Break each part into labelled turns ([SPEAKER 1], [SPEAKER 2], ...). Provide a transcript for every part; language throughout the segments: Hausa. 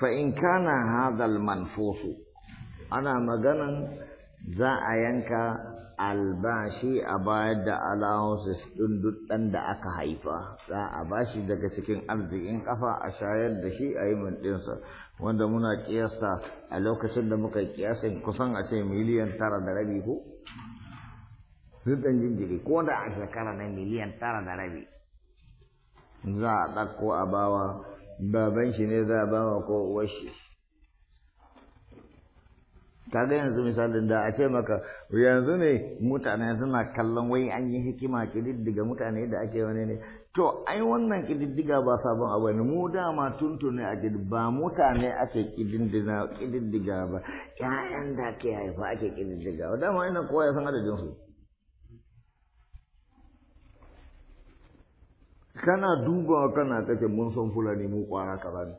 [SPEAKER 1] فإن kana man manfusu ana maganan za a yanka albashi a bayar da allowances ɗin duk da aka haifa za a bashi daga cikin arzikin ƙafa a shayar da shi a yi ɗinsa wanda muna ƙiyasta a lokacin da muka ƙiyasin kusan a ce miliyan tara da rabi ko ɗan jinjiri ko da a shekara na miliyan tara da rabi za a ɗakko a bawa baban shi ne za a ba wa ko shi ta ga yanzu misalin da a ce maka yanzu ne mutane suna kallon wai an yi hikima kididdiga mutane da ake wani ne to ai wannan kididdiga ba sabon abu ne mu dama tuntune a kid ba mutane ake kididdiga ba ƴaƴan da ke haifa ake kididdiga dama ina kowa ya san adadin su kana dubawa kana kace mun san fulani mu kwara kaza ne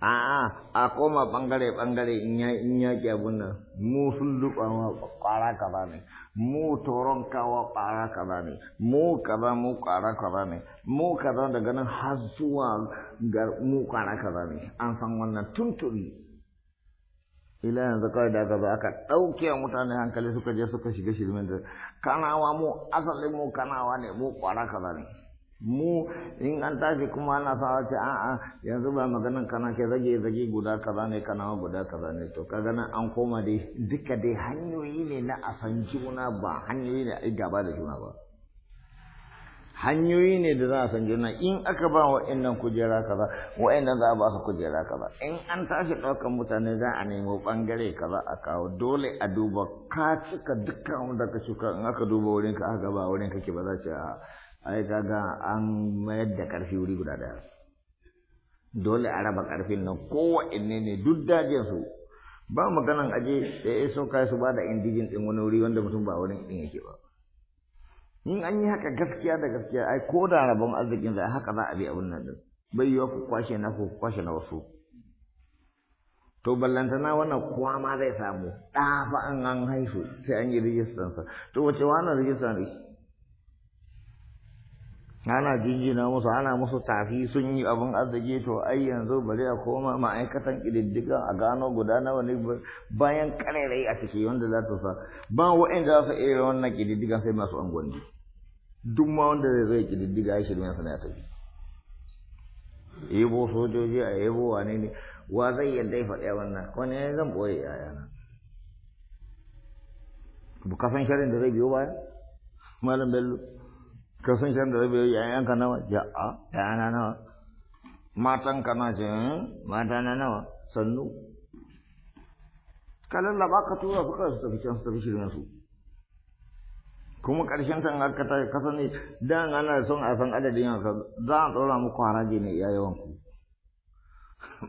[SPEAKER 1] a'a a koma bangare bangare in ya in ya ki abun nan mu sun duba wa kwara kaza ne mu toron kawa kwara kaza ne mu kaza mu kwara kaza ne mu kaza daga nan har zuwa mu kwara kaza ne an san wannan tuntuni ila yanzu kawai da aka zo aka ɗauke wa mutane hankali suka je suka shiga shirmin da kanawa mu asalin mu kanawa ne mu kwara kaza ne mu in an tashi kuma ana sa wace a yanzu ba maganan kana ke zage zage guda kaza ne kanawa guda kaza ne to kaga nan an koma dai duka dai hanyoyi ne na asan juna ba hanyoyi ne a gaba da juna ba hanyoyi ne da za a san juna in aka ba wa'annan kujera kaza wa'annan za a ba su kujera kaza in an tashi ɗaukan mutane za a nemo ɓangare kaza a kawo dole a duba ka cika dukkan wanda ka shuka in aka duba wurin ka aka ba wurin ke ba za ce a ai kaga an mayar da ƙarfi wuri guda ɗaya dole a raba ƙarfin nan inne ne duk dajin su ba maganan aje da ya so kai su ba da indijin ɗin wani wuri wanda mutum ba wurin ɗin yake ba in an yi haka gaskiya da gaskiya ai ko da rabon arzikin zai haka za a bi abin nan din bai yiwa ku kwashe na ku kwashe na wasu to ballantana wannan kowa ma zai samu ɗafa fa an an haifu sai an yi rijistan sa to wace wannan rijistan ne ana jinjina musu ana musu tafi sun yi abin arziki to ai yanzu bari a koma ma'aikatan ƙididdiga a gano guda nawa ne bayan ƙarairayi a ciki wanda za ta sa ba wa'in za su iya wannan ƙididdigan sai masu angwanni. duk ma wanda zai zai kididdiga ya shirme sa ya tafi ebo sojoji a ebo wane ne wa zai yadda ya faɗi wannan wani ya zan ɓoye yayana bu kasan sharin da zai biyo baya malam bello kasan sharin da zai biyo yayanka nawa ja'a yayana nawa matan ka na ce hmm? mata na nawa sannu ka ba ka tura suka su tafi can su tafi shirin su kuma ƙarshen kan aka ta kasa ne dan ana son a san adadin yanka za a ɗora muku haraji ne iya yawan ku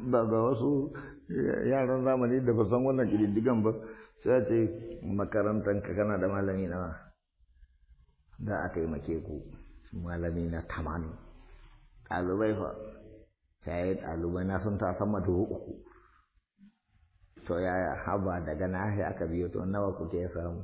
[SPEAKER 1] ba ga wasu yaran zamani da ba san wannan ƙididdigan ba sai ce makarantar ka kana da malami na da a taimake ku malami na tamani ɗalibai fa yi ɗalibai na sun ta sama da uku to yaya haba daga nahiya aka biyo to nawa kuke samu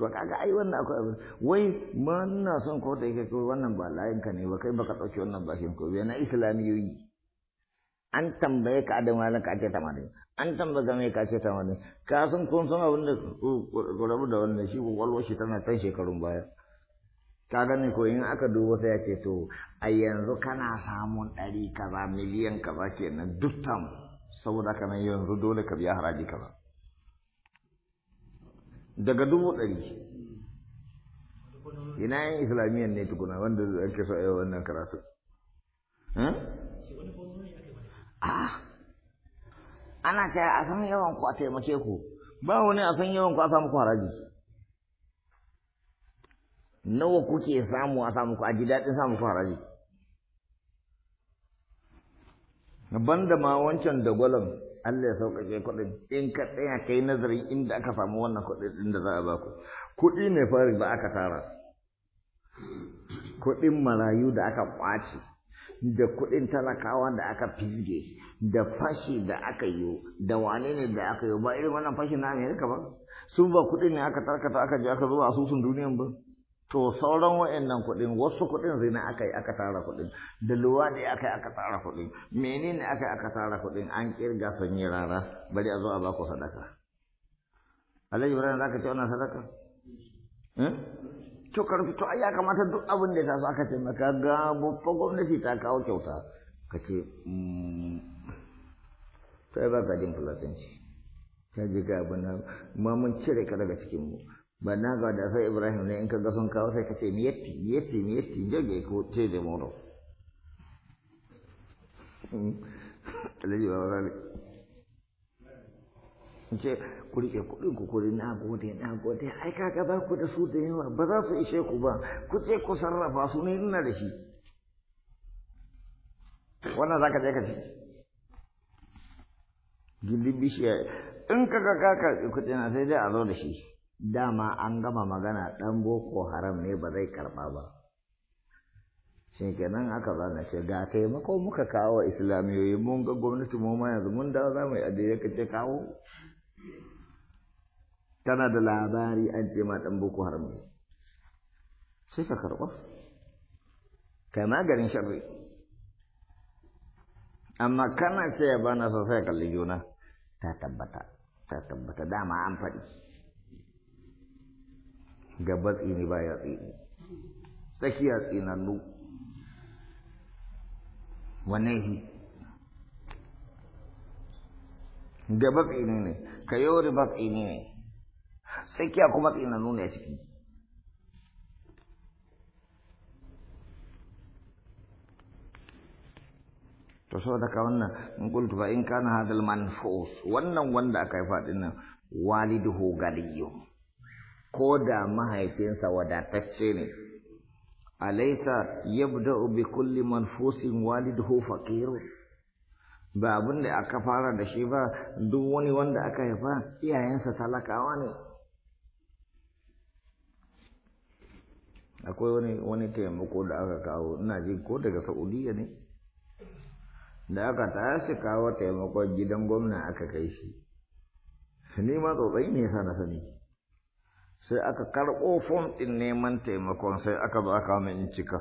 [SPEAKER 1] to kaga ai wannan akwai abin wai ma ina son ko da yake wannan ba layin ka ne ba kai baka dauki wannan shin ko na islamiyoyi an tambaye ka adam malan ka ce tamanin an tambaye ka me ka ce tamanin ka san kun san abin da rabu da wannan shi ko shi tana can shekarun baya ka gane ko in aka duba sai ya ce to a yanzu kana samun ɗari kaza miliyan kaza kenan duk tamu saboda kana yanzu dole ka biya haraji kaza daga dubu ɗari ina yin islamiyyar ne tukuna wanda ake so a yau wannan karatu hm? ah. ana ce a san yawan ku a taimake ku ba wani a san yawan ku a samu ku haraji nawa kuke samu a samu ku a ji daɗin samu ku haraji ma wancan dagwalon Allah ya sauƙaƙe kuɗin in ka tsaya ka nazarin inda aka samu wannan kuɗin ɗin da za a baku kuɗi ne fari da aka tara kuɗin marayu da aka ɓaci, da kuɗin talakawa da aka fizge da fashi da aka yi da wane ne da aka yi ba irin wannan fashi na amerika ba sun ba kuɗi ne aka tarkata aka je aka zo asusun duniyan ba to sauran wa'annan kuɗin wasu kuɗin zina aka yi aka tara kuɗin da luwaɗi aka yi aka tara kuɗin menene aka yi aka tara kuɗin an kirga sun yi rara bari a zo a ba ku sadaka alhaji ibrahim za ka ce wannan sadaka eh? to karfi to ayya kamata duk abin da ya taso aka ce maka ga babban gwamnati ta kawo kyauta ka ce to mm, ai ba ka jin fulatanci ta ji ga abin nan ma mun cire ka daga cikin mu banna ga da sai ibrahim ne in ka ga sun kawo sai ka ce miyatti miyatti miyatti joge ko ce da moro in ce ku rike kuɗin ku kuri na gode na gode ai ga ba ku da su da yawa ba za su ishe ku ba ku ce ku sarrafa su ne ina da shi wannan zaka je ka ci gindin bishiya in ga kaka kuɗi na sai dai a zo da shi dama an gama magana ɗan boko haram ne ba zai karɓa ba shi kenan aka zana ce ga taimako muka kawo wa islamiyoyi mun ga gwamnati mu ma yanzu mun dawa za mu yi adiyar ka ce kawo tana da labari an ce ma ɗan boko haram ne sai ka karɓa kai maganin sharri amma kana ce ba na sosai kalli juna ta tabbata ta tabbata dama an faɗi gaba tsini baya tsini tsakiya tsinannu wanehi gaba tsini ne ka yau riba tsini ne tsakiya kuma tsinannu ne a ciki to da ka wannan in qultu fa in kana hadal manfus wannan wanda aka yi fadin nan waliduhu galiyyu ko da mahaifinsa wadatacce ne alaisa yabda bi kulli manfusin waliduhu faqirun ba abin da aka fara da shi ba duk wani wanda aka haifa iyayensa talakawa ne akwai wani wani taimako da aka kawo ina ji ko daga saudiya ne da aka tashi kawo taimakon gidan gwamna aka kai shi ni ma tsotsai ne sa sani sai aka karɓo fom ɗin neman taimakon sai aka ba aka mai in cika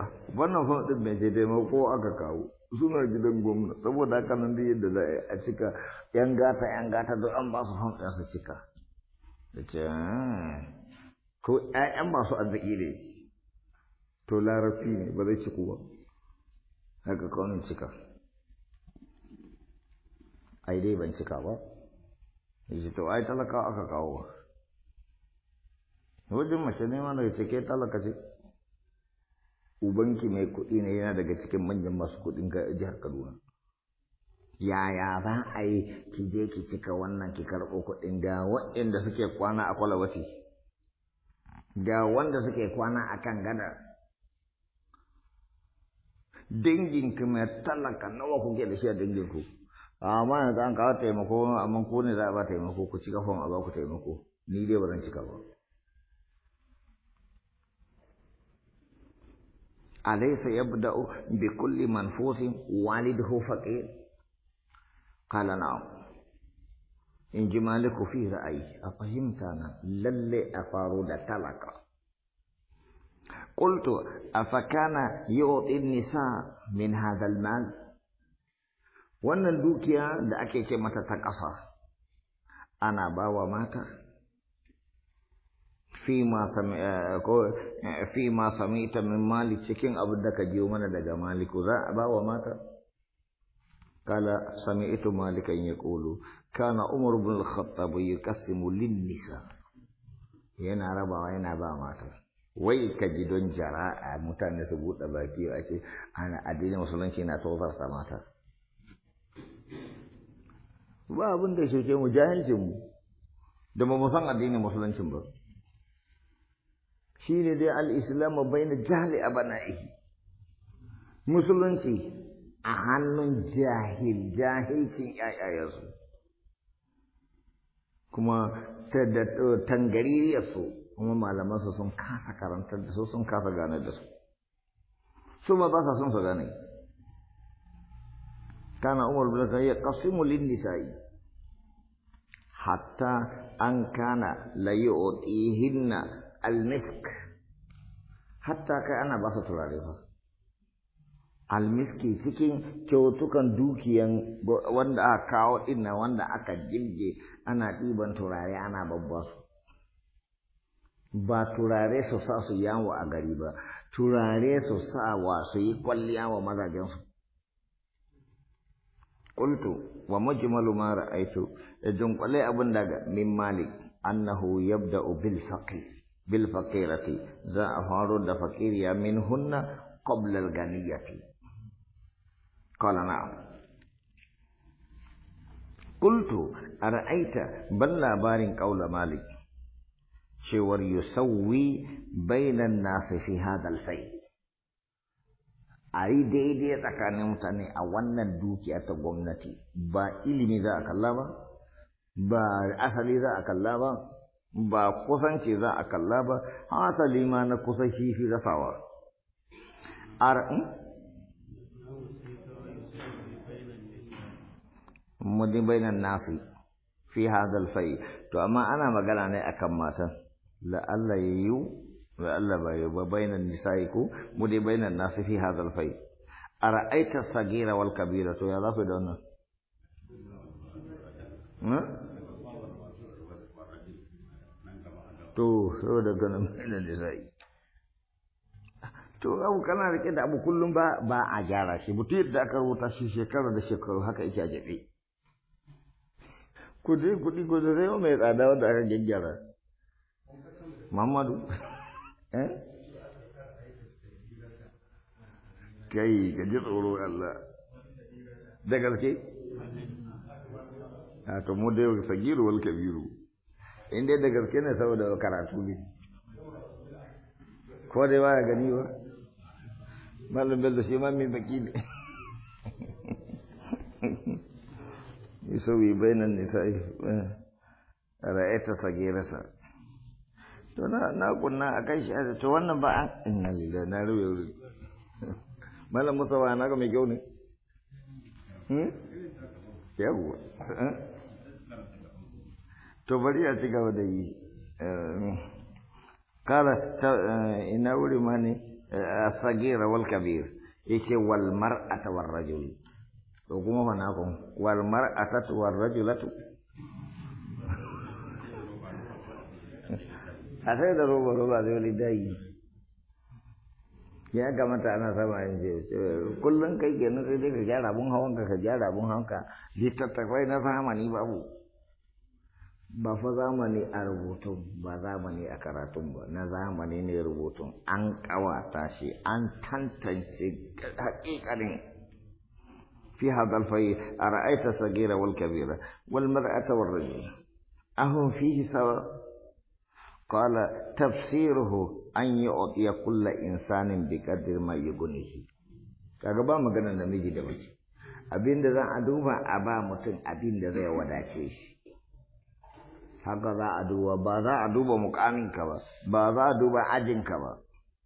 [SPEAKER 1] ah, wannan fom ɗin mai ce taimako aka kawo suna gidan gwamna saboda haka nan duk yadda za a cika yan gata yan gata don an ba su fom ɗin su cika da ce ah, ko ƴaƴan masu arziki ne to larabci ne ba zai ba aka haka kaunin cika ai dai ban cika ba yace to ai talaka aka kawo wajen mace ne wanda yace ke talaka ce ubanki mai kuɗi ne yana daga cikin manyan masu kuɗin jihar kaduna yaya za a yi ki je ki cika wannan ki karɓo kuɗin ga waɗanda suke kwana a kwalabati ga wanda suke kwana a kan gada dinginki mai talaka nawa kuke da shi a dinginku amma yanzu an kawo taimako amma ko ne za a ba taimako ku ci kafan a ba ku taimako ni dai ba zan cika ba alaysa yabda'u bi kulli manfusin waliduhu faqir qala na'am in ji maliku fi ra'ayi a fahimta na lalle a faru da talaka qultu afakana yu'ti an-nisa min hadha wannan dukiya da ake ce mata ta ƙasa ana ba wa mata fi ma sami eh, eh, ta min mali cikin abin da ka jiyo mana daga maliku za a ba wa mata kala sami ito malikan ya ƙolo kana umar bin bai ya kasimu linnisa. nisa yana rabawa yana ba mata wai ka ji don jara a mutane su buɗe baki a ce ana addinin musulunci na tozarta mata ba abin da ya mu jahilcin mu da ba mu san addinin musuluncin ba shi ne dai al'islamu bai na jahili a bana bana'ihi musulunci a hannun jahil jahilcin ‘ya'yayensu kuma da tangaririyarsu kuma malamansu sun kasa karantar da su sun kasa gane da su su ba ba sa sun su gane umar كان عمر بن الخطاب يقسم للنساء حتى أن كان ليعطيهن المسك حتى كان بسط al-miski cikin kyautukan dukiyan wanda aka kawo inna wanda aka jirge ana ɗiban turare ana babba su ba turare su sa su yawo a gari ba turare su sa wa su yi kwalliya wa mazajen su. قلت ومجمل ما رأيت جنقلي أبن داغ من مالك أنه يبدأ بالفقير بالفقيرة زا أفارو فقيريا منهن قبل الغنية قال نعم قلت أرأيت بلا بارين قول مالك شور يسوي بين الناس في هذا الفيل a yi daidai tsakanin mutane a wannan dukiya ta gwamnati ba ilimi za a kalla ba ba asali za a kalla ba ba kusanci za a kalla ba asali ma na kusa shi fi rasawa hmm? mudi bainan nasi fi hadal fai to amma ana magana ne akan matan la'alla yiwu wa Allah ba yau ba bainan nisa'i ko mu dai bainan nasu fi hadal fai ara'aita sagira wal kabira to ya zafi da wannan hmm? to so da ganin bainan nisa'i to abu kana rike da abu kullum ba ba a gyara shi mutum yadda aka rubuta shi shekara da shekaru haka yake a jabe kudi kudi kudi sai mai tsada wanda aka gyaggyara Muhammadu Eh? kai ka ji tsoro Allah da gaske a to mu dai sagiru wal kabiru in dai da gaske ne saboda karatu ne ko dai ba gani ba malam bello shi ma mai baki ne يسوي بين النساء رأيت sagirasa to na na kunna a kai shi a to wannan ba an inna lillahi na ruwe ruwe malam musa ba na ga mai kyau ne hmm? yawwa eh? to bari a ci gaba da yi eh, kala eh, ina wuri ma ne as-sagira wal kabir yake wal mar'ata war rajul to kuma fa na kun wal mar'ata war rajulatu a sai da roba roba zai wani dayi ya kamata ana sama yin ce kullum kai ke nan sai dai ka gyara abun hawanka ka gyara abun hawanka littattafai na zamani babu ba fa zamani a rubutun ba zamani a karatun ba na zamani ne rubutun an kawata shi an tantance hakikalin ra'aita sagira الفيء أرأيت الصغير والكبير والمرأة والرجل ahun fi سواء قال تفسيره أن يعطي كل إنسان بقدر ما يغنيه kaga ba magana namiji da mace abinda za a duba a ba mutum abinda zai wadace shi haka za a duba ba za a duba mukaminka ba ba za a duba ajinka ba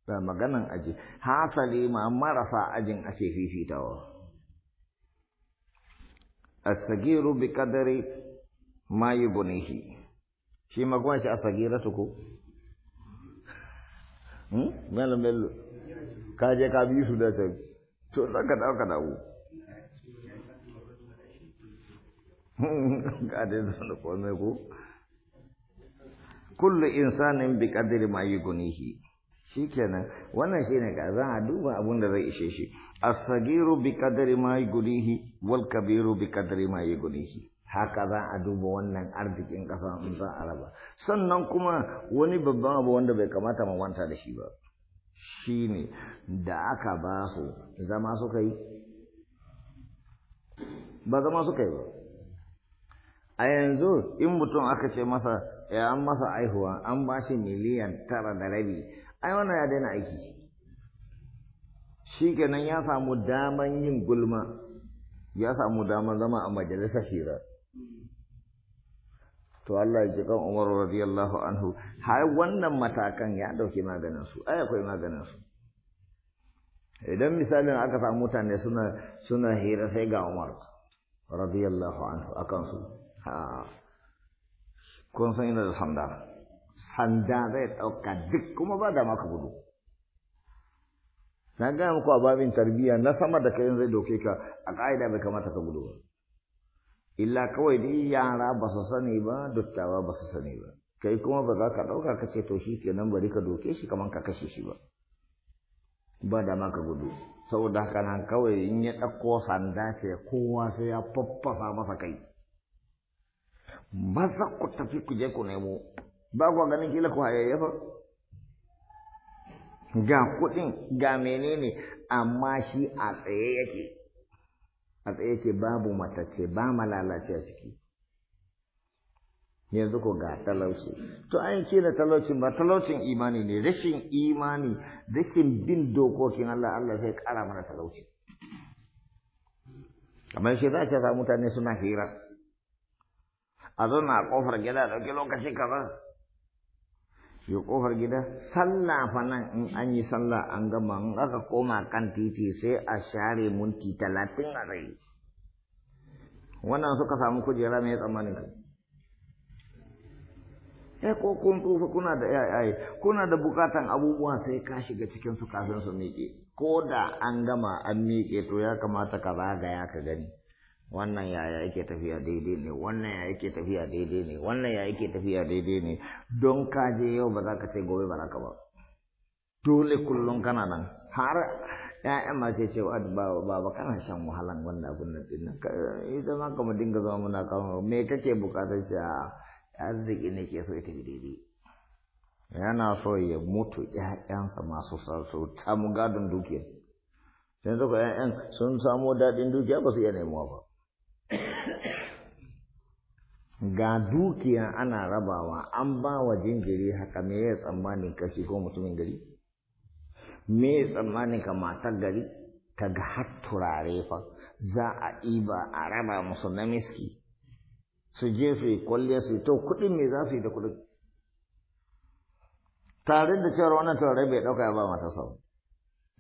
[SPEAKER 1] ba maganan aji hasali ma marasa ajin ake fifitawa as-sagiru bi qadari ma yubnihi shi ma kuma shi a su ko melo-melo hmm? ka je ka biyu su da can to zan ka dawo ka dawo ka dai zan da komai ko kullu insanin bi kadiri ma shi kenan wannan ne ka za a duba abun da zai ishe shi asagiru bi kadiri ma yughnihi wal kabiru bi kadiri ma yughnihi haka za a duba wannan arzikin ƙasa in za a raba sannan kuma wani babban abu wanda bai kamata mu manta da shi ba shi ne da aka ba su zama suka yi ba zama suka yi ba a yanzu in mutum aka ce masa ya an masa aihuwa an ba shi miliyan tara da rabi ai wannan ya daina aiki shi kenan ya samu daman yin gulma ya samu daman zama a majalisar shirar to Allah ya jikan Umar radiyallahu anhu har wannan matakan ya ɗauki maganin su ai akwai maganin su idan misalin aka samu mutane suna suna hira sai ga Umar radiyallahu anhu akan su ha kun san ina da sanda sanda zai dauka duk kuma ba da maka gudu na gaya muku a babin tarbiyya na sama da kai zai doke ka a ka'ida bai kamata ka gudu ba illa kawai dai yara ba su sani ba dattawa ba su sani ba kai kuma ba za ka ɗauka ka ce to shi kenan bari ka doke shi kamar ka kashe shi ba ba da ka gudu saboda haka nan kawai in ya ɗauko sanda ce kowa sai ya faffasa masa kai ba za ku tafi ku je ku nemo ba ku ganin kila ku fa ga kuɗin ga menene amma shi a tsaye yake a tsaye ce babu matacce ba malalace a ciki yanzu ko ga talauci to an ce da talauci ba talaucin imani ne rashin imani rashin bin dokokin Allah Allah sai kara mana talauci kamar shi za a mutane suna hira a zauna a kofar gida dauke lokaci kaza yo oh, kofar gida sallah fa nan in an yi sallah an gama in aka koma kan titi sai a share minti talatin a tsaye wannan suka samu kujera mai tsammanin ka eh ko kun tsufa kuna da yayaye eh, eh, kuna da bukatan abubuwa sai ka shiga cikin su kafin su miƙe ko da an gama an miƙe to ya kamata ka zagaya ka gani wannan yaya yake tafiya daidai ne wannan yaya yake tafiya daidai ne wannan yaya yake tafiya daidai ne don ka je yau ba za ka ce gobe ba za ka ba dole kullum kana nan har ya'yan ma wa ce ba kana shan wahalan wannan abin nan din ita ma kama dinga zama muna kama me kake bukatar shi a arziki ne ke so ya daidai yana so ya mutu yayansa masu sarsu tamu gadon dukiyar yanzu ko ƴaƴan sun samo daɗin dukiya ba su iya nemuwa ba ga dukiya ana rabawa an ba wa jinjiri haka me ya tsammanin kashi ko mutumin gari me ya tsammanin ka matar gari ka ga har turare fa za a ɗiba a raba musu na miski su je su yi kwalliya su yi to kuɗin me za su yi da kuɗin tare da cewa wannan turare bai ɗauka ya ba mata sau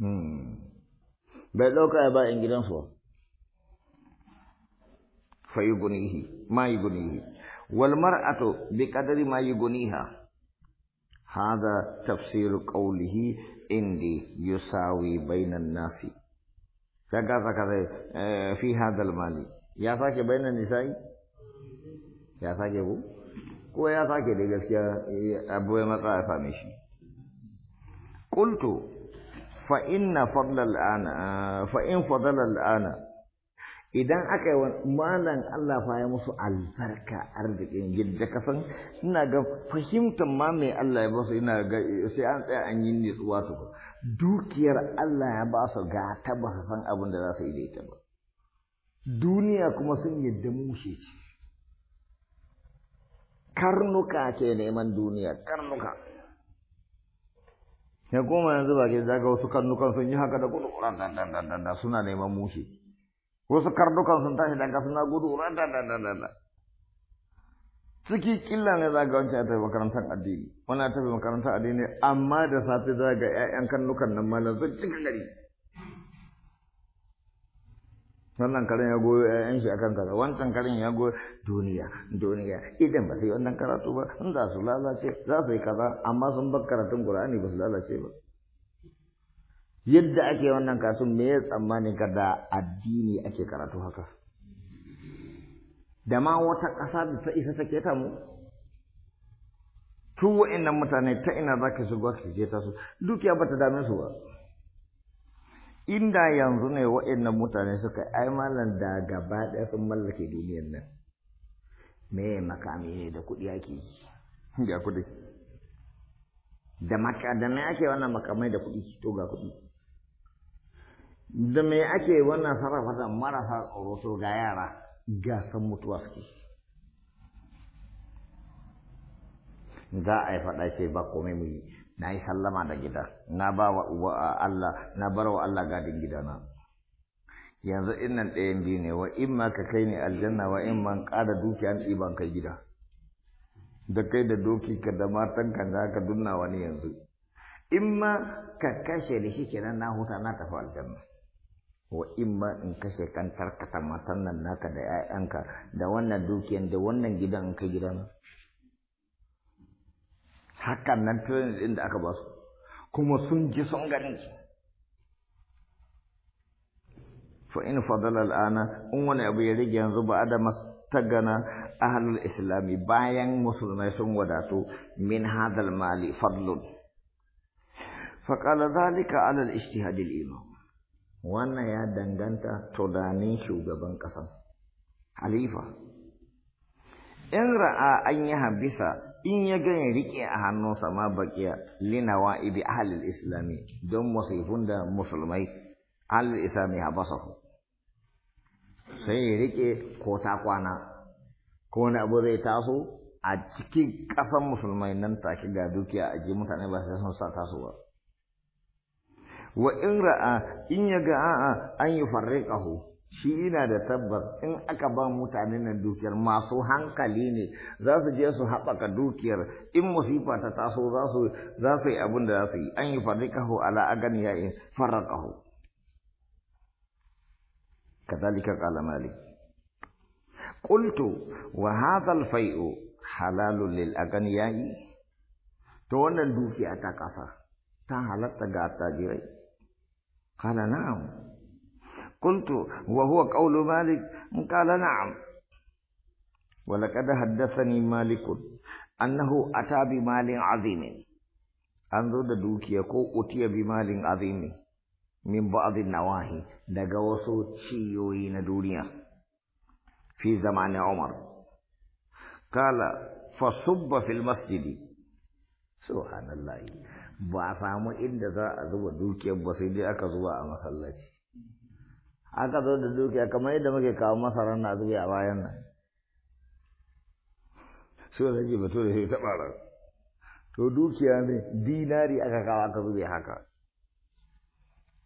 [SPEAKER 1] hmm. bai ɗauka ya ba in gidansu ba fayugunihi mayugunihi wal mar'atu biqadri mayugunihha hadha tafsiru qawlihi indi yusawi bainan nasi kaga zakare eh, fi hadal mali ya sake bainan nisa'i ya sake ku ko ya sake da gaskiya eh, abu ya matsa ya same shi qultu fa inna fadla ana fa in fadla al ana idan aka yi wa Allah fa ya musu albarka arzikin gidda kasan ina ga fahimtar ma mai Allah ya basu ina ga sai an tsaya an yi tsuwa to dukiyar Allah ya ba su ga ta ba su san abin da za su yi da ita ba duniya kuma sun yadda mushe ce karnuka ke neman duniya karnuka ya goma yanzu ba ke zaga wasu karnukan sun yi haka da kudu kuran dan dan dan suna neman mushe wasu karnukan sun tashi daga suna gudu rada da da da da ciki killa ne za ga wancan ya tafi makarantar addini wani ya tafi makarantar addini amma da safe za ga 'ya'yan karnukan nan malam sun cika gari wannan karen ya goyo ƴaƴan shi akan kaza wancan karen ya goyo duniya duniya idan ba su yi wannan karatu ba in za su lalace za su yi kaza amma sun bar karatun Qur'ani ba su lalace ba yadda ake wannan kasun me ya tsammanin ka da addini ake karatu haka da ma wata ƙasa da ta isa sake ta mu Tun wa'annan mutane ta ina za ka shigo ka sake ta su dukiya ba ta dame su ba inda yanzu ne wa'annan mutane suka ai malam da gaba ɗaya sun mallake duniyar nan me makami ne da kuɗi ake yi ga kuɗi da maka da me ake wannan makamai da kuɗi to ga kuɗi da me ake wannan sarrafa da marasa tsoroto ga yara gasan mutuwa suke za a yi faɗa ce ba komai mu yi na yi sallama da gida na ba wa Allah na bar wa Allah gadin gidana yanzu innan ɗayan biyu ne wa in ma ka kai ni aljanna wa in man ƙara dukiya ni ban kai gida da kai da doki ka da matan ka za ka dunna wani yanzu in ma ka kashe da shi kenan na huta na tafi aljanna wa ma in kashe kan tarkata matan nan naka da 'ya'yanka da wannan dukiyan da wannan gidan ka gidan hakan nan training din da aka ba su kuma sun ji sun gani fa in fadala al'ana in wani abu ya rage yanzu ba da mastagana ahlul islami bayan musulmai sun wadatu min hadal mali fadlun ala al-ijtihad al imam wannan ya danganta tunanin shugaban ƙasa halifa in ra'a an yi habisa in ya gani riƙe a hannunsa ma baƙiya linawa ibi ahalil islami don musifun da musulmai ahalil islami basahu sai ya riƙe ko ta kwana ko wani abu zai taso a cikin ƙasan musulmai nan take ga dukiya a ji mutane ba sai sun sa taso ba wa in ra'a in ya ga a'a an yi farriqahu shi yana da tabbas in aka ba mutanen nan dukiyar masu hankali ne za su je su haɓaka dukiyar in musifa ta taso za su za su yi abin da za su yi an yi farriqahu ala agan ya in farraqahu kadhalika qala malik qultu wa hadha al-fai'u halalun lil aganiya'i to wannan dukiya ta kasa ta halatta ga tajirai قال نعم قلت وهو قول مالك قال نعم ولقد حدثني مالك أنه أتى بمال عظيم أنظر دوكي يقول أتي بمال عظيم من بعض النواهي daga تشيوين ciyoyi في زمان عمر قال فصب في المسجد سبحان الله ba a samu inda za a zuba dukiyar ba sai dai aka zuba a masallaci aka zo da dukiya kamar yadda muke kawo masarar na zubi a bayan nan su da ji batu da shi ta bara to dukiya ne dinari aka kawo aka zube haka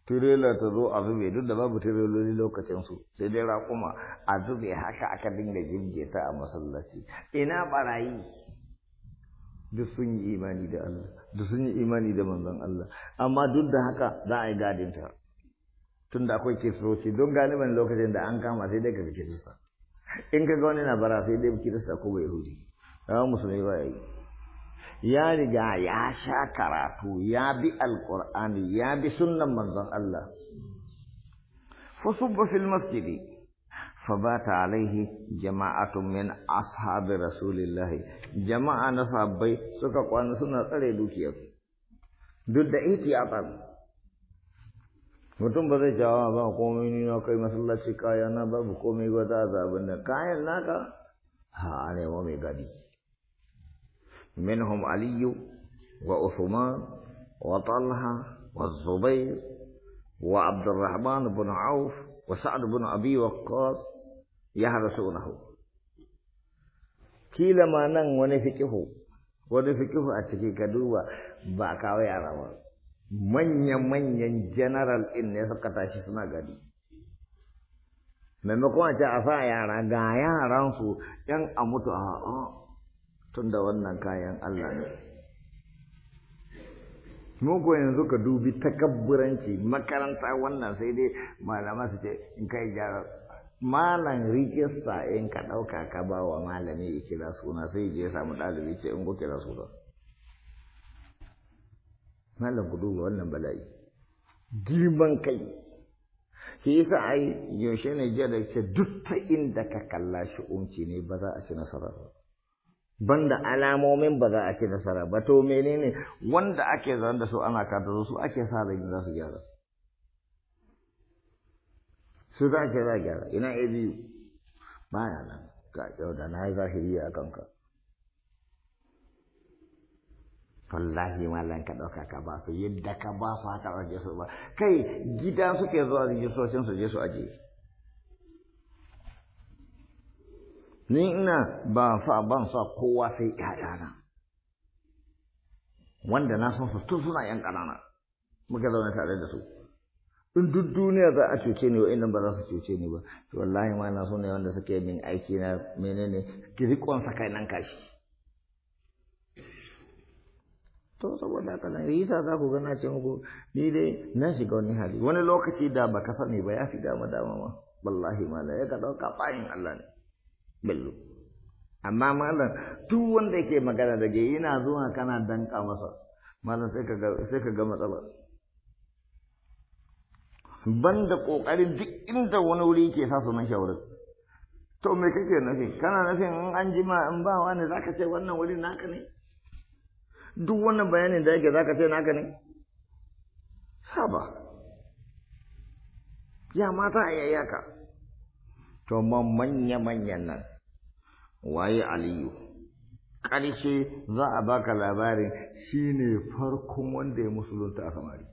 [SPEAKER 1] tirela ta zo a zube duk da babu tireloli lokacinsu sai dai raƙuma a zube haka aka dinga jirge ta a masallaci ina barayi duk sun yi imani da Allah duk sun yi imani da manzon Allah amma duk da haka za a yi gadinta tun da akwai kiristoci don galiban lokacin da an kama sai dai ka fi in ka ga wani na bara sai dai kirista ko bai yahudi amma musulmi ba ya yi ya riga ya sha karatu ya bi alqur'ani ya bi sunnan manzon Allah fasubba fil masjidi فبات عليه جماعة من أصحاب رسول الله جماعة نصاب بي سكا قوان سنة قلي دوكي دود دعيتي أطل متن بذي جوابا قومي نينا قي مسلا شكايا نباب قومي قد آزاب نكايا ناكا هاني ومي قدي منهم علي وعثمان وطلحة والزبير وعبد الرحمن بن عوف وسعد بن أبي وقاص يحرسونه kila ma nan wani fikihu a ciki ka duba ba kawai yara ba manya-manyan general in ne suka tashi suna gari maimakon ce a sa yara ga yaransu yan a mutu a tun wannan kayan Allah ne ko yanzu ka dubi takabburanci makaranta wannan sai dai malama su ce in kai gyara malam rijista in ka ɗauka ka ba wa malami ya kira suna sai je samu ɗalibi ce in ku kira suna malam ku duba wannan bala'i girman kai shi yasa ai yaushe ne jiya da ce duk ta inda ka kalla shi unci ne ba za a ci nasarar. ba banda alamomin ba za a ce nasara ba to menene wanda ake zan da su ana kadaro su ake sa da za su gyara su za ke za gyara ina a biyu ya nan ka yau da na yi zahiri a kanka wallahi malam ka ɗauka ka ba su yadda ka ba su haka ba kai gida suke zuwa su je su je su ajiye ni ina ba fa ban sa kowa sai ƴaƴana wanda na san su tun suna yan ƙanana muka zauna tare da su in duk duniya za a cuce ni wa'annan ba za su cuce ni ba to wallahi ma na so ne wanda suke min aiki na menene kirikon sakai nan kashi to saboda haka nan sa za ku gana ce muku ni dai na shiga wani hali wani lokaci da baka sani ba ya fi dama dama ma wallahi ma na ya ka ɗauka fa'in Allah ne bello amma malam duk wanda yake magana da yana zuwa kana danka masa malam sai ka ga sai ka ga matsala banda kokarin duk inda wani wuri yake sa sunan shawarar to me kake nufi kana nufin in an jima in ba wani zaka ce wannan wuri naka ne duk wannan bayanin da yake zaka ce naka ne haba ya mata ayyaka. yayyaka to manya-manyan nan waye aliyu ƙarshe za a baka labarin shine farkon wanda ya musulunta a samari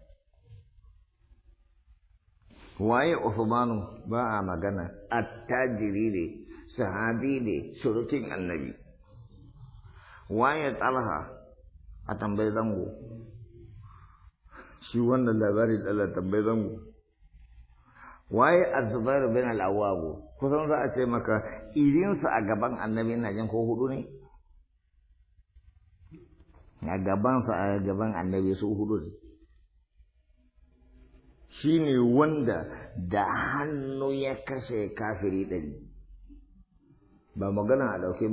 [SPEAKER 1] waye Usmanu ba a magana attajiri ne sahabi ne surukin annabi waye Talha a tambayi zango shi wannan labarin da tambayi zango waye Azubair bin al kusan za a ce maka irinsa a gaban annabi ina jin ko hudu ne a gabansa a gaban annabi su hudu ne shi ne wanda da hannu ya kashe kafiri ɗari ba magana a ɗauki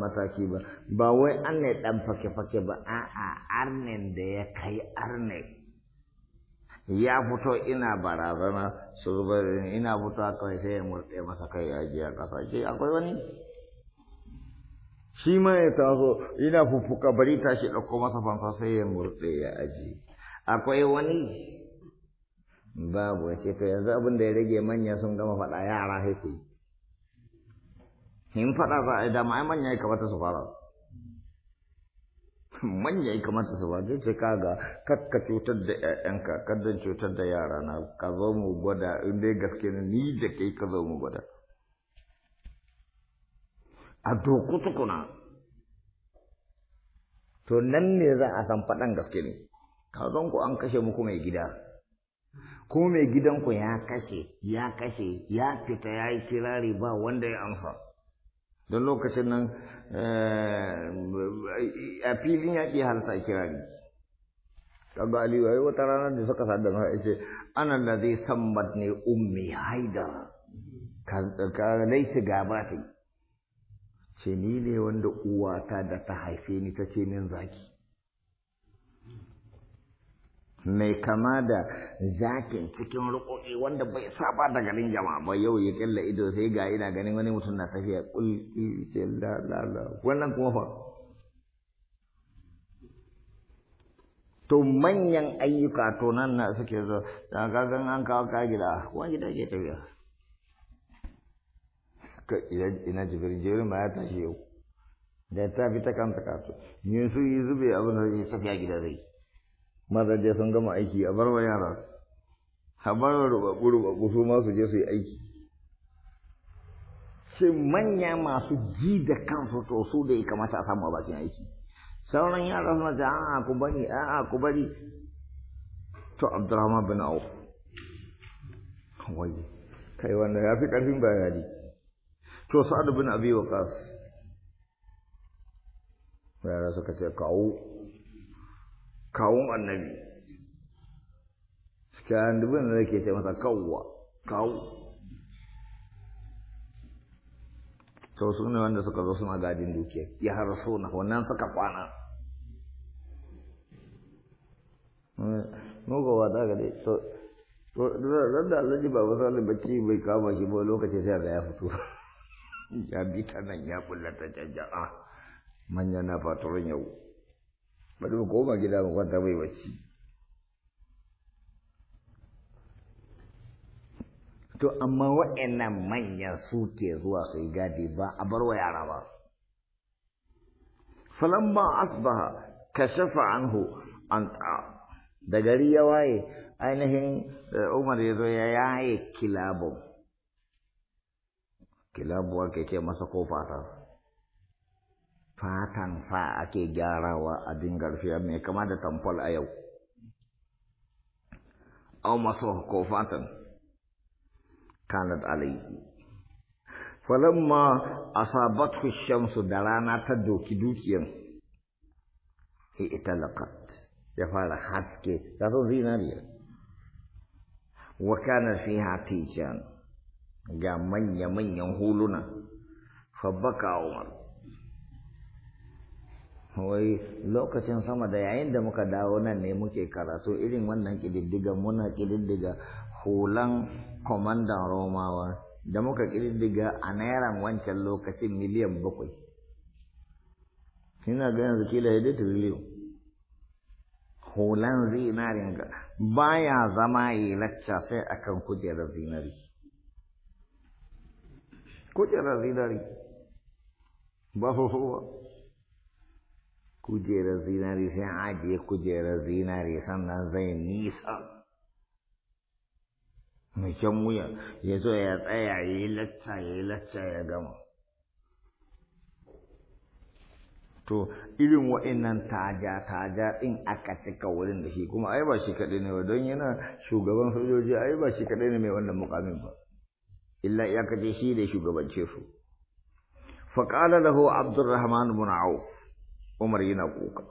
[SPEAKER 1] mataki ba ba wai an ne ɗan fake-fake ba a'a arnen da ya kai arne ya fito ina barazana su zubar ina fito kawai sai ya murɗe masa kai ya ji a ƙasa ce akwai wani shi ma ya taso ina fuffuka bari shi ɗauko masa fansa sai ya murɗe ya aji akwai wani babu ya ce to yanzu abin da ya rage manya sun gama faɗa yara haifi. in faɗa za a yi dama ai manya ya kamata su fara manya ya kamata su ba zai ce kaga kakka cutar da ƴaƴanka kaddan cutar da yara na ka zo mu gwada in dai gaske ne ni da kai ka zo mu gwada a doku tukuna to nan ne za a san faɗan gaske ne ka zon ku an kashe muku mai gida kuma mai gidanku ya kashe ya kashe ya fita ya yi kirari ba wanda ya amsa don lokacin nan eh, a filin yaƙi halta kirari kaga aliyu yi wata rana da suka sadda ya ce ana da zai san ne ummi haidar ka dai shiga gaba ta ce ni ne wanda uwata da ta haife ni ta ce min zaki mai kama da zakin cikin rukuki wanda bai saba da garin jama'a ba yau ya kalla ido sai ga ina ganin wani mutum na tafiya kulki ce la la la wannan kuma fa to manyan ayyuka to nan na suke zo da gagan an kawo ka gida wani gida ke tafiya ka ina jibirin jibirin ma ya tashi yau da ta fi ta kanta yin yanzu yi zube abin da ya tafiya gida zai mazaje sun gama aiki a barwa yara a barwa rubabbu rubabbu su ma su je su yi aiki sai manya masu ji da kansu to su da ya kamata a samu a bakin aiki sauran yara suna ta a'a ku bari a'a ku bari to abdurrahman bin auf kawai kai wanda ya fi karfin bayani to Sa'adu bin abi waqas yara suka ce kawo kawun annabi kayan dubin da ke ce masa kawwa kawu to su ne wanda suka zo suna gadin dukiya ya har suna wannan suka kwana mugowa ta ga dai to da alhaji ba wasu wani bacci bai kama shi ba lokaci sai ga ya fito ya bi ta nan ya bulla jajja. a manya na faturin yau bari mu koma gida mu kwanta mai bacci to amma wa'annan manya su ke zuwa su yi gadi ba a bar wa yara ba falamma asbaha kashafa anhu an da gari ya waye ainihin eh, umar ya zo ya yaye kilabu. kilabu ke ce masa ko ta. fatan sa ake gyarawa a dingarfiya mai kama da tamfol a yau au maso ko fatan kanat alayhi falamma asabathu shamsu da rana ta doki dukiyan fi italaqat ya fara haske ta zo zinariya wa kana fiha tijan ga manya manyan huluna fa baka umar wai lokacin sama da yayin da muka dawo nan ne muke karatu irin wannan kididdiga muna ƙididdiga hulan kwamandan romawa da muka ƙididdiga a nairan wancan lokacin miliyan bakwai ina ga yanzu kila ya dita miliyan hulan zinarin baya zama yi lacca sai akan kujerar zinari kujerar zinari ba fufuwa kujerar zinari sai ajiye kujerar zinari sannan zai nisa mai kyan wuya ya zo ya tsaya ya yi lacca ya yi lacca ya gama to irin wa'annan taja taja din aka cika wurin da shi kuma ai ba shi kaɗai ne don yana shugaban sojoji ai ba shi kaɗai ne mai wannan mukamin ba illa ya shi da shugabance su faqala lahu abdurrahman bin auf umar yana kuka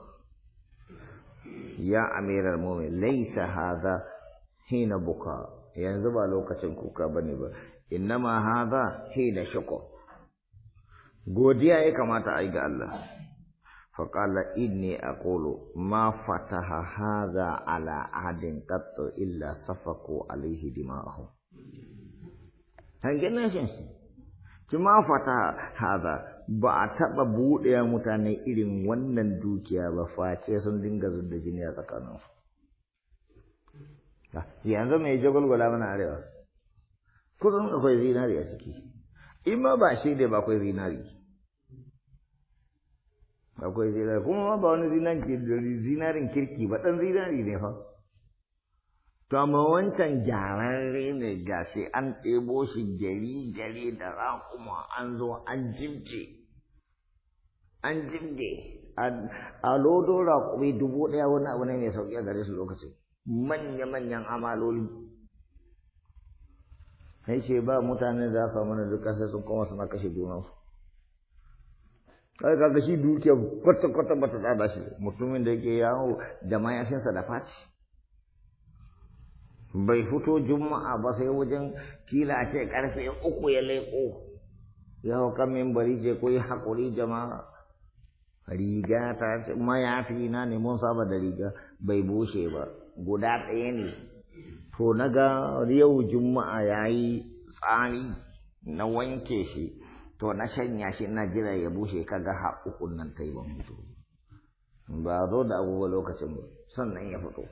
[SPEAKER 1] ya amiral mumin laisa haza hina buka yanzu ba lokacin kuka bane ba innama haza hina shuko. godiya ya kamata a yi ga Allah faƙala inni a ƙolo, ma fataha haza ala ahadin ƙatto illa safaku alaihi dima'ahum hangin nashin shi ma fataha haza ba a taɓa buɗe mutane irin wannan dukiya ba face sun dinga da jini a tsakaninsu yanzu mai jagwalgwala mana arewa kusan akwai zinari a ciki in ma ba shi da ba akwai zinari akwai zinari kuma ma ba wani zinarin kirki ba ɗan zinari ne fa To amma wancan gyararre ne ga sai an ɗebo shi gari gari da raƙuma an zo an jibje. An jibje. A lodo raƙumi dubu ɗaya wani abu ne mai sauƙi a gare su lokacin. Manya-manyan amaloli. Sai ce ba mutane za su mana duka sai sun koma suna kashe junansu. Kai kaga shi dukiya kwata-kwata ba ta tsada shi mutumin da yake yawo da mayafinsa da faci. bai fito juma'a ba sai wajen kila ce karfe uku ya leko ya hau kan mimbari je ko yi haƙuri jama'a riga ta ce mayafi na ne saba da riga bai bushe ba guda ɗaya ne to na ga yau juma'a ya yi tsari na wanke shi to na shanya shi na jira ya bushe kaga haƙuƙun nan ta yi ba mutu ba zo da agogo lokacin ba sannan ya fito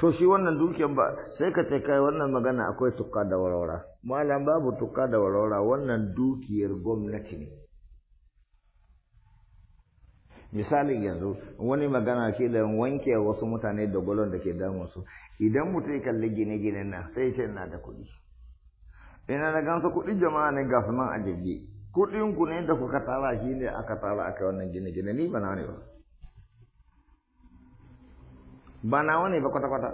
[SPEAKER 1] to shi wannan dukiyar ba sai ka ce kai wannan magana akwai tukka da warwara malam babu tukka da warwara wannan dukiyar gwamnati ne misalin yanzu wani magana ke da wanke wasu mutane da gwalon da ke damun su idan mutum ya kalli gine gine nan sai ce na da kuɗi ina na gansa kuɗi jama'a ne ga nan a jirgi kuɗin ku ne da kuka tara shi ne aka tara aka wannan gine-gine ni ba na ne ba ba ne ba kwata-kwata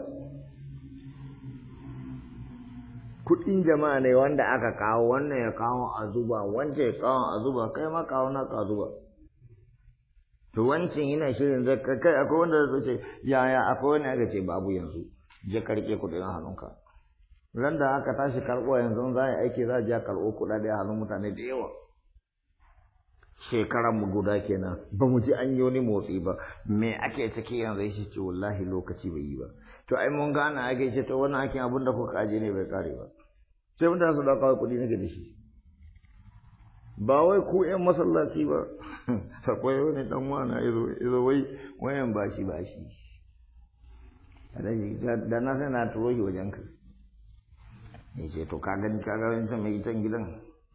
[SPEAKER 1] kudin jama'a ne wanda aka kawo wannan ya kawo a zuba wancan ya kawo a zuba kai ma kawo na ka zuba to wancan yana shirin da kai akwai wanda zai ce yaya akwai wani aka ce babu yanzu je karke kudin hannunka randa aka tashi karɓo yanzu za a yi aiki za a je karɓo kuɗaɗe a hannun mutane da yawa shekaran mu guda kenan ba mu ji an yi wani motsi ba me ake take yanzu shi ce wallahi lokaci bai yi ba to ai mun gane ake ce to wannan aikin abin da kuka aje ne bai kare ba sai mutane su dauka kuɗi na da shi ba wai ku ƴan masallaci ba akwai wani dan wana izo wai wayan bashi bashi da na sai na turo shi wajen ka ne ce to ka gani ka ga wancan mai can gidan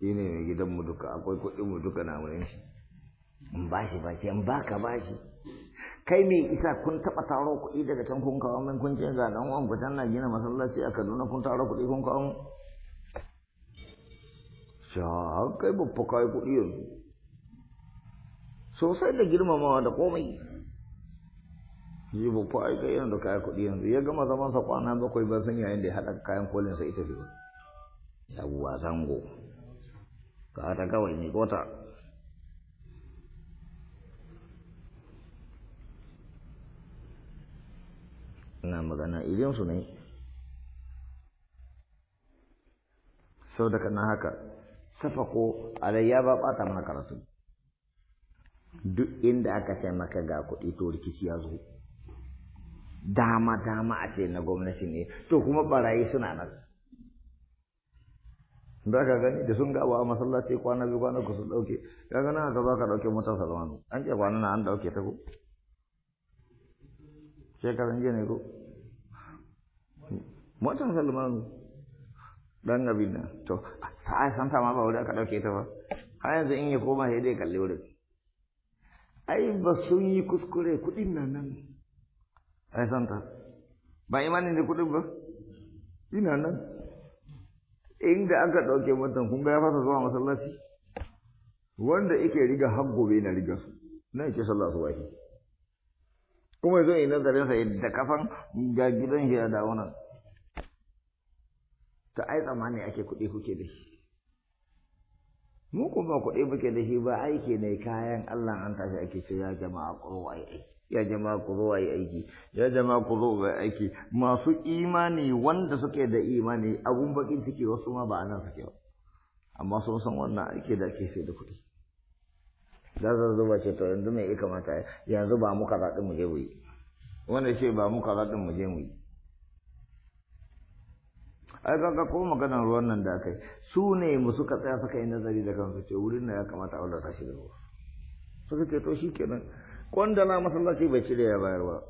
[SPEAKER 1] shi ne mai gidanmu duka akwai kuɗinmu duka na wurin shi in ba shi ba shi in ba ka ba shi kai mai isa kun taɓa taro kuɗi daga can kun kawo min kun ce ga dan uwan ku na gina masallaci a Kaduna kun taro kuɗi kun kawo min sha kai babba kai kuɗi yanzu sosai da girmamawa da komai yi babba ai kai yana da kayan kuɗi yanzu ya gama zamansa kwana bakwai ba sun yayin da ya haɗa kayan sa ita ce yawwa zango ka ta kawai ne kota ina magana idan ne sau da haka safako alayya ba bata mana karatu duk inda aka sai maka ga kuɗi to rikici ya zo dama dama a ce na gwamnati ne to kuma barayi suna nan da ka gani da sun ga a masallaci kwana biyu kwana ku sun dauke ka ga nan ka baka dauke mutan salmanu an ce kwana na an dauke ta ko shekaran jiya ne ko mutan salmanu dan abin na to a ai santa ma ba wuri aka dauke ta ba har yanzu in ya koma sai dai kalle wuri ai ba sun yi kuskure kudin nan nan ai ta ba imanin da kudin ba ina nan inda aka ɗauke mutum kun ga ya fasa zuwa masallaci wanda yake riga har gobe na riga su na yake sallah su wahi kuma yazo yi nazarin sa da kafan ga gidan shi da wannan ta ai tsammani ake kuɗi kuke da shi mu kuma kuɗi muke da shi ba aiki ne kayan Allah an tashi ake cewa jama'a ƙurwa ai ya jama ku zo ayi aiki ya jama ku zo ayi aiki masu imani wanda suke da imani abun bakin ciki wasu ma ba anan suke ba amma sun san wannan aiki da ke sai da kuɗi za su zuba ce to yanzu mai ya kamata yanzu ba mu kaza din mu je mu yi wanda ce ba mu kaza din mu je mu yi ai kaga ko maganar ruwan nan da kai su ne mu suka tsaya suka yi nazari da kansu ce wurin da ya kamata a ta shi da ruwa suka ce to shikenan na masallaci bai cire ya bayar ba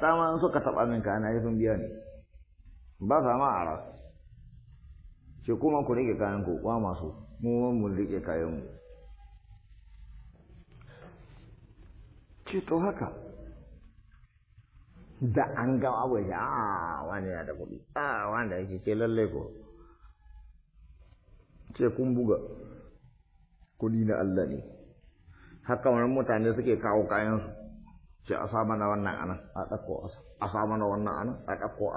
[SPEAKER 1] ta ma so suka taɓa min ana yi sun biya ne ba sa ma ara ce kuma ku rike kayan ku kwa masu mu mun rike kayan mu ce to haka da an ga abu ya a ah, wani ya da kuɗi a ah, wanda yake ce lallai ko ce kun buga kuɗi na Allah ne haka wani mutane suke kawo kayansu ce a samu na wannan ana a ɗauko a samu na wannan ana a ɗauko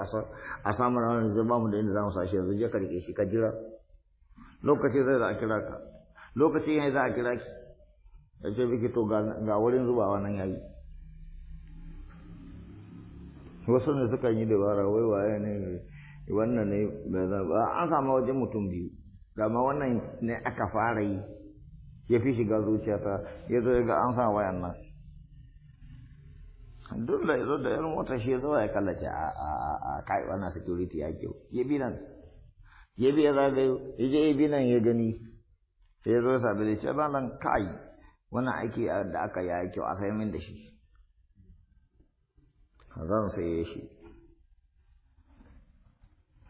[SPEAKER 1] a samu na wannan zai ba mu da inda za mu sashe yanzu je ka rike shi ka jira lokaci zai za a kira ka lokaci ne za a kira ki ya ce biki to ga wurin zubawa wannan yayi wasu ne suka yi dabara wai waye ne wannan ne ba an samu wajen mutum biyu dama wannan ne aka fara yi ya fi shiga zuciyata ya zo ga an sa wayan nan duk da zo da yan mota shi zo ya kallace a a a kai wannan security ya kyau ya bi nan ya bi ya zagayo ya je ya bi nan ya gani sai ya zo ya sabi da ce ba nan kai wannan aiki da aka yi ya kyau a sai min da shi zan ya shi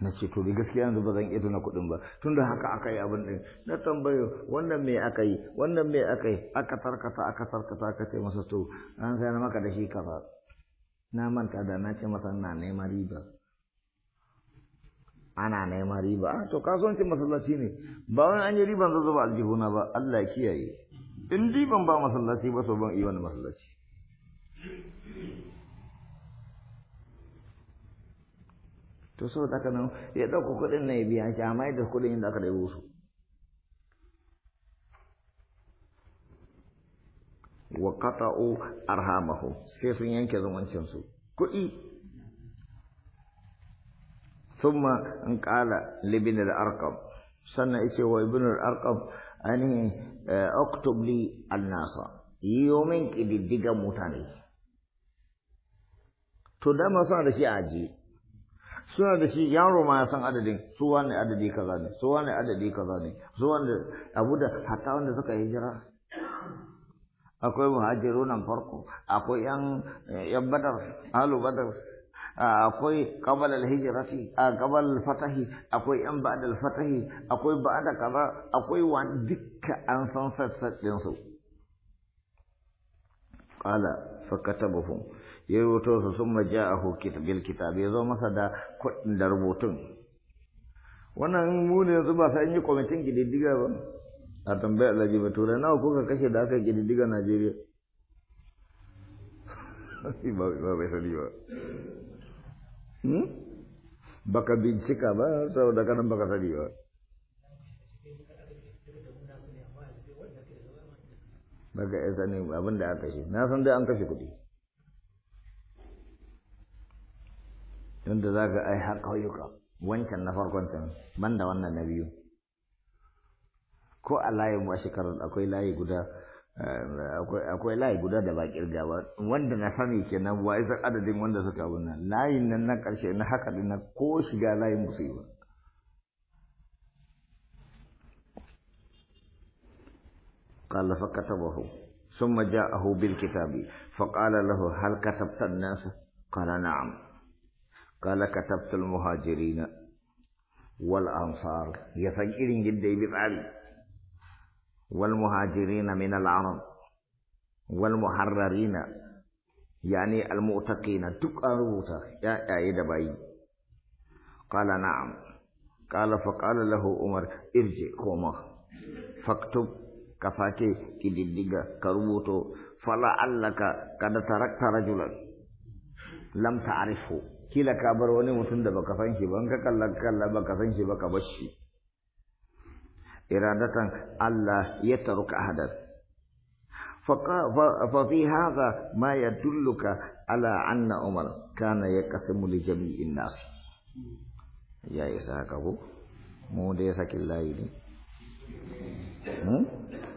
[SPEAKER 1] na ce to gaskiya yanzu ba zan iya tuna kuɗin ba tunda haka aka yi abin ɗin na tambayo wannan me aka yi wannan me aka yi aka tarkata aka tarkata aka ce masa to an sai na maka da shi kafa na manta da na ce masa na neman riba ana neman riba ah, to kasuwancin masallaci ne ba wani an yi riban zo zuba aljihuna ba Allah ya kiyaye in riban ba masallaci ba so ban iya wani masallaci to so da kana ya dauko kuɗin na ya biya shi amma da kuɗin da aka ɗaiwo su wa qata'u arhamahu sai sun yanke zumuncin su kuɗi thumma an qala libin al-arqam sannan yace wa ibn al-arqam ani eh, uktub li an-nasa yomin kididdigan mutane to dama sa da shi aji suna da shi yaro ma ya san adadin su wani adadi kaza ne su wani adadi kaza ne su wani abu da hata wanda suka hijira akwai muhajiru nan farko akwai yan yan badar halu badar akwai kabal al hijrati a kabal al fatahi akwai yan ba'd al fatahi akwai ba'da kaza akwai wani dukka an san sassadin su qala fakatabuhum ya rubuto su sun maja a bil kitab ya zo masa da kudin da rubutun wannan mu ne yanzu ba sai yi kwamitin gididdiga ba a tambaya alhaji turai nawa kuka kashe da aka gididdiga najeriya ba bai sani ba hmm? baka bincika ba saboda kanan baka sani ba baka ya sani abin da aka kashe na san dai an kashe kuɗi tunda za ka ai har kauyuka wancan na farkon can ban da wannan na biyu ko a layin washe akwai layi guda akwai layi guda da bakir kirga ba wanda na sani kenan wa isa adadin wanda suka abu nan layin nan na karshe na haka din na ko shiga layin musu قال فكتبه ثم جاءه بالكتاب فقال له هل كتبت الناس قال نعم قال كتبت المهاجرين والأنصار يسجل جدا بفعل والمهاجرين من العرب والمحررين يعني المؤتقين أروتا يا أيد باي قال نعم قال فقال له عمر ارجع قوما فاكتب كساكي كددد كروتو فلعلك قد تركت رجلا لم تعرفه kila ka bar wani mutum da baka san shi ba ka kalla kalla baka san shi baka bar shi iradatan Allah ya taruka hadas fa fi hadha ma yadulluka ala anna umar kana yaqsimu li jami'in nas ya isa ka mu da ya saki layi ne hmm?